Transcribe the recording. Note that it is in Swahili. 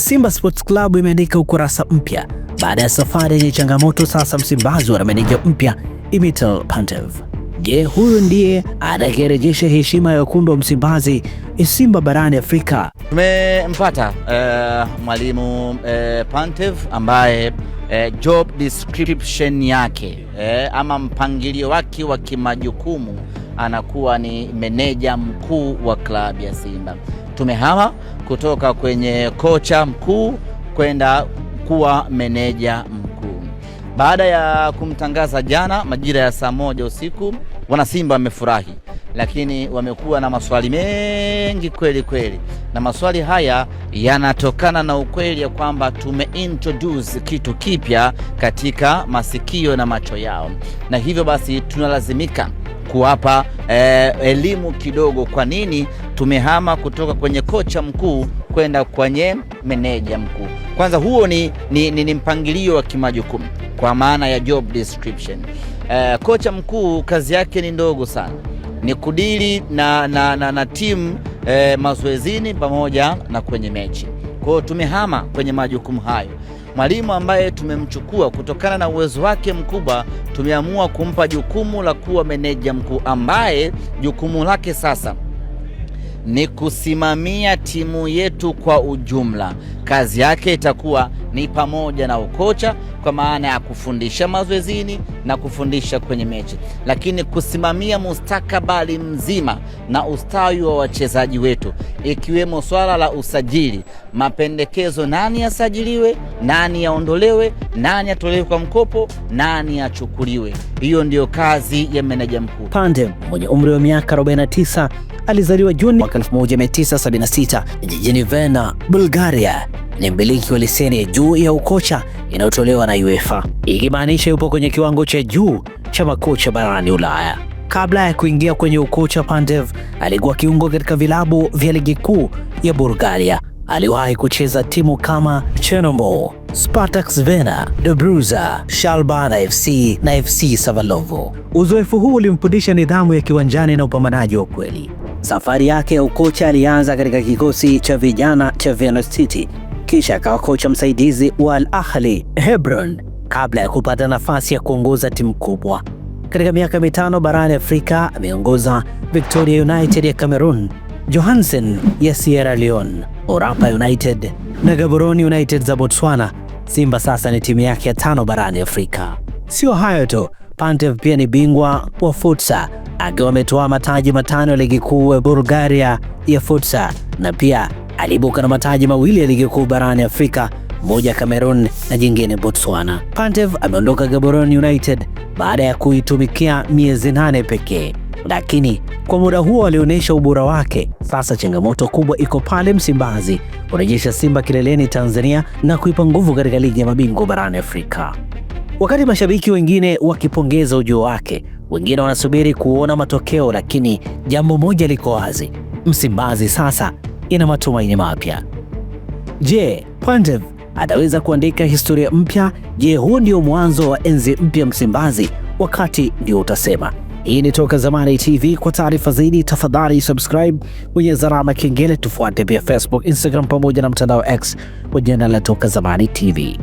Simba Sports Club imeandika ukurasa mpya baada ya safari yenye changamoto. Sasa Msimbazi wana meneja mpya Imital Pantev. Je, huyu ndiye atakayerejesha heshima ya wekundu wa Msimbazi eh, Simba barani Afrika? Tumempata uh, mwalimu uh, Pantev ambaye uh, job description yake uh, ama mpangilio wake wa kimajukumu anakuwa ni meneja mkuu wa klabu ya Simba tumehama kutoka kwenye kocha mkuu kwenda kuwa meneja mkuu. Baada ya kumtangaza jana majira ya saa moja usiku, wanasimba wamefurahi, lakini wamekuwa na maswali mengi kweli kweli, na maswali haya yanatokana na ukweli ya kwamba tumeintroduce kitu kipya katika masikio na macho yao, na hivyo basi tunalazimika kuwapa eh, elimu kidogo, kwa nini tumehama kutoka kwenye kocha mkuu kwenda kwenye meneja mkuu. Kwanza huo ni, ni, ni, ni mpangilio wa kimajukumu kwa maana ya job description. Eh, kocha mkuu kazi yake ni ndogo sana, ni kudili na, na, na, na timu eh, mazoezini pamoja na kwenye mechi. Kwa hiyo tumehama kwenye majukumu hayo mwalimu ambaye tumemchukua kutokana na uwezo wake mkubwa, tumeamua kumpa jukumu la kuwa meneja mkuu ambaye jukumu lake sasa ni kusimamia timu yetu kwa ujumla. Kazi yake itakuwa ni pamoja na ukocha, kwa maana ya kufundisha mazoezini na kufundisha kwenye mechi, lakini kusimamia mustakabali mzima na ustawi wa wachezaji wetu, ikiwemo swala la usajili, mapendekezo, nani asajiliwe, nani aondolewe, nani atolewe kwa mkopo, nani achukuliwe. Hiyo ndiyo kazi ya meneja mkuu. Pande mwenye umri wa miaka 49 alizaliwa Juni mwaka 1976 jijini Vienna, Bulgaria. Ni mmiliki wa leseni ya juu ya ukocha inayotolewa na UEFA, ikimaanisha yupo kwenye kiwango cha juu cha makocha barani Ulaya. Kabla ya kuingia kwenye ukocha, Pandev alikuwa kiungo katika vilabu vya ligi kuu ya Bulgaria. Aliwahi kucheza timu kama Chernomor, Spartak Varna, Dobruza, Shalbana FC na FC Savalovo. Uzoefu huu ulimfundisha nidhamu ya kiwanjani na upambanaji wa kweli. Safari yake ya ukocha alianza katika kikosi cha vijana cha Vienna City, kisha akawa kocha msaidizi wa Al Ahli Hebron kabla ya kupata nafasi ya kuongoza timu kubwa. Katika miaka mitano barani Afrika ameongoza Victoria United ya Cameroon, Johansen ya Sierra Leone, Orapa United na Gaborone United za Botswana. Simba sasa ni timu yake ya tano barani Afrika. Sio hayo tu, Pantev pia ni bingwa wa futsa akiwa ametoa mataji matano ya ligi kuu ya Bulgaria ya futsa na pia aliibuka na mataji mawili ya ligi kuu barani Afrika, moja Cameroon na jingine Botswana. Pantev ameondoka Gaborone United baada ya kuitumikia miezi nane pekee, lakini kwa muda huo alionyesha ubora wake. Sasa changamoto kubwa iko pale Msimbazi, kurejesha Simba kileleni Tanzania na kuipa nguvu katika ligi ya mabingwa barani Afrika. Wakati mashabiki wengine wakipongeza ujio wake, wengine wanasubiri kuona matokeo, lakini jambo moja liko wazi, Msimbazi sasa ina matumaini mapya. Je, Pantev ataweza kuandika historia mpya? Je, huu ndio mwanzo wa enzi mpya Msimbazi? Wakati ndio utasema. Hii ni Toka Zamani TV. Kwa taarifa zaidi, tafadhali subscribe, kwenye zarama kengele, tufuate pia Facebook, Instagram pamoja na mtandao X kwa jina la Toka Zamani TV.